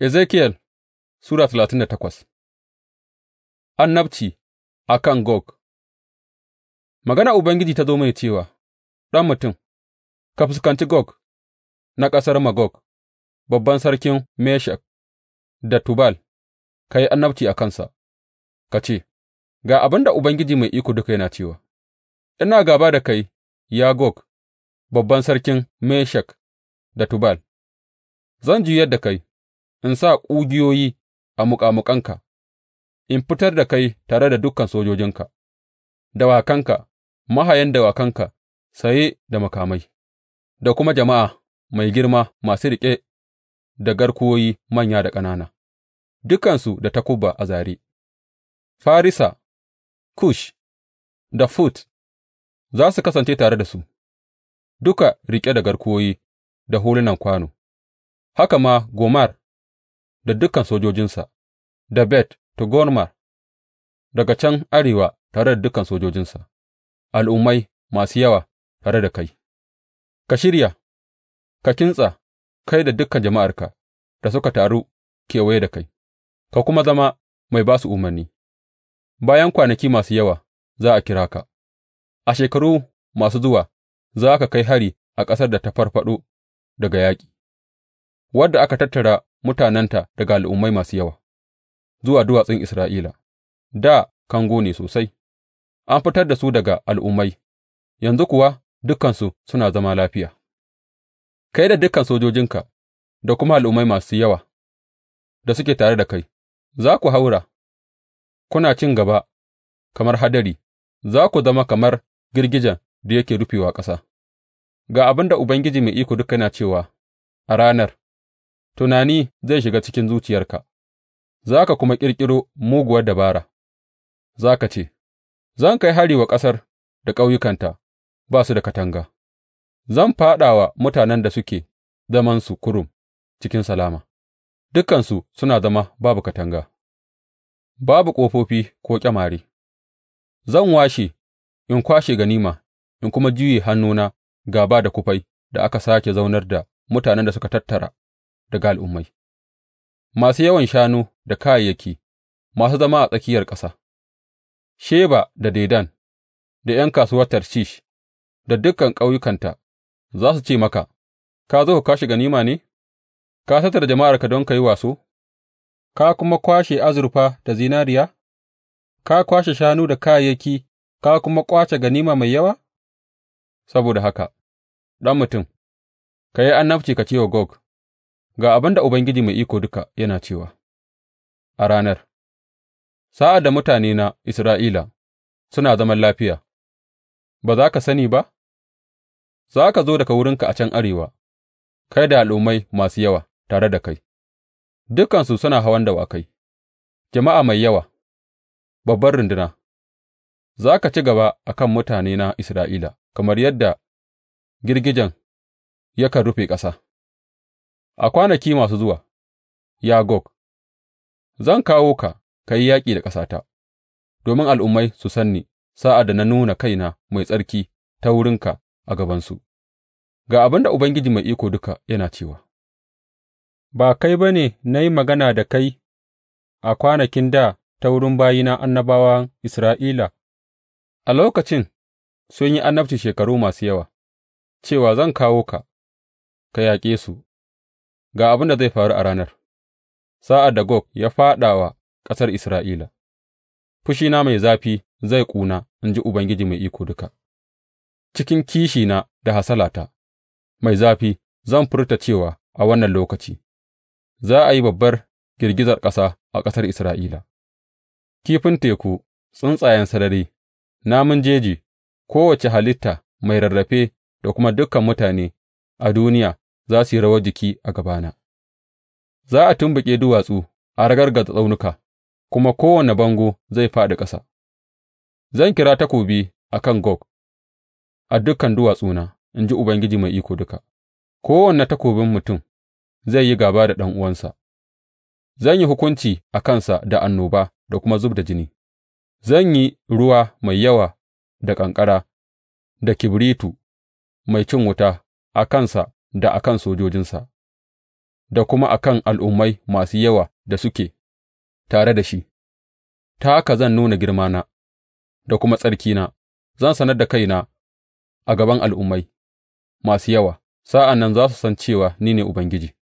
Ezekiyel Sura talatin da takwas Annabci a kan Gog Magana Ubangiji ta zo mai cewa, Ɗan mutum, ka fuskanci Gog na ƙasar Magog, babban sarkin Meshek da Tubal, ka yi annabci a kansa, ka ce, Ga abin da Ubangiji mai iko duka yana cewa, Ina gaba da kai, ya Gog, babban sarkin Meshek da Tubal, zan juyar da kai. in sa ƙugiyoyi a muƙamuƙanka, in fitar da kai tare da dukan sojojinka, dawakanka, mahayan dawakanka saye da makamai, da kuma jama'a mai girma masu riƙe da garkuwoyi manya da ƙanana, dukansu da takuba a zāre, Farisa, Kush da Fut za su kasance tare da su, duka riƙe da garkuwoyi da hulunan kwano, haka ma Gomar da dukan sojojinsa, da Bet Togarma daga can arewa tare da dukan sojojinsa, al'ummai masu yawa tare da kai, ka shirya, ka kintsa, kai da dukan jama'arka da suka taru kewaye da kai, ka kuma zama mai ba su umarni, bayan kwanaki masu yawa za a kira ka, a shekaru masu zuwa za ka kai hari a ƙasar da ta farfaɗo daga yaƙi, wadda aka tattara mutanenta daga al'ummai masu yawa zuwa duwatsun Isra'ila, dā kango ne sosai, an fitar da su daga al'ummai, yanzu kuwa dukansu suna zama lafiya, kai da dukan sojojinka da kuma al'ummai masu yawa da suke tare da kai, za ku haura, kuna cin gaba kamar hadari, za ku zama kamar girgijen da yake rufewa ƙasa. Ga abin da Ubangiji Mai Iko Duka yana cewa a ranar. tunani zai shiga cikin zuciyarka, za ka kuma ƙirƙiro muguwar dabara, za ka ce, Zan kai hari wa ƙasar da ƙauyukanta ba su da katanga, zan fāɗa wa mutanen da suke zamansu kurum cikin salama, dukansu suna zama babu katanga, babu ƙofofi ko ƙyamare, zan washe in kwashe ganima in kuma juye hannuna gāba da kufai da aka sake zaunar da mutanen da suka tattara. daga al'ummai, masu yawan shanu da kayayyaki, masu zama a tsakiyar ƙasa, Sheba da Dedan, da ’yan kasuwar Tarshish, da dukan ƙauyukanta za su ce maka, Ka zo ka kwashe ganima ne, ka tattara jama'arka don ka yi waso, ka kuma kwashe azurfa da zinariya, ka kwashe shanu da kayayyaki, ka kuma ƙwace ganima mai yawa? Saboda haka, ɗan mutum, ka yi annabci ka ce wa Gog. Ga abin da Ubangiji Mai Iko Duka yana cewa a ranar, sa'ad da mutanena Isra'ila suna zaman lafiya, ba za ka sani ba, za ka zo daga wurinka a can arewa, kai da al'ummai masu yawa tare da kai, dukansu suna hawan dawakai, jama'a mai yawa, babbar runduna, za ka ci gaba a kan mutanena Isra'ila kamar yadda girgijen yakan rufe ƙasa. A kwanaki masu zuwa, ya Gog, zan kawo ka ka yi yaƙi da ƙasata, domin al'ummai su san ni sa'ad da na nuna kaina mai tsarki ta wurinka a gabansu, ga abin da Ubangiji Mai Iko Duka yana cewa. Ba kai ba ne na yi magana da kai a kwanakin da ta wurin bayina annabawan Isra'ila, a lokacin sun yi annabci shekaru masu yawa, cewa zan kawo ka, ka yaƙe su. Ga abin da zai faru a ranar, sa'ad da Gog ya fāɗa wa ƙasar Isra'ila, fushina mai zafi zai ƙuna, in ji Ubangiji Mai Iko Duka; cikin kishina da hasalata mai zafi zan furta cewa a wannan lokaci za a yi babbar girgizar ƙasa a ƙasar Isra'ila, kifin teku, tsuntsayen sarari, namun jeji, kowace halitta mai rarrafe da kuma dukan mutane a duniya za su yi rawar jiki a gabana; za a tumɓuke duwatsu a ragargaza tsaunuka, kuma kowane bango zai fāɗi ƙasa; zan kira takobi a kan Gog a dukan duwatsuna, in ji Ubangiji Mai Iko Duka, kowane takobin mutum zai yi gāba da ɗan'uwansa; zan yi hukunci a kansa da annoba da kuma zub da jini, zan yi ruwa mai yawa da ƙanƙara da kibritu mai cin wuta a kansa da a kan sojojinsa, da kuma a kan al'ummai masu yawa da suke tare da shi, ta haka zan nuna girmana da kuma tsarkina, zan sanar da kaina a gaban al'ummai masu yawa, sa'an nan za su san cewa ni ne Ubangiji.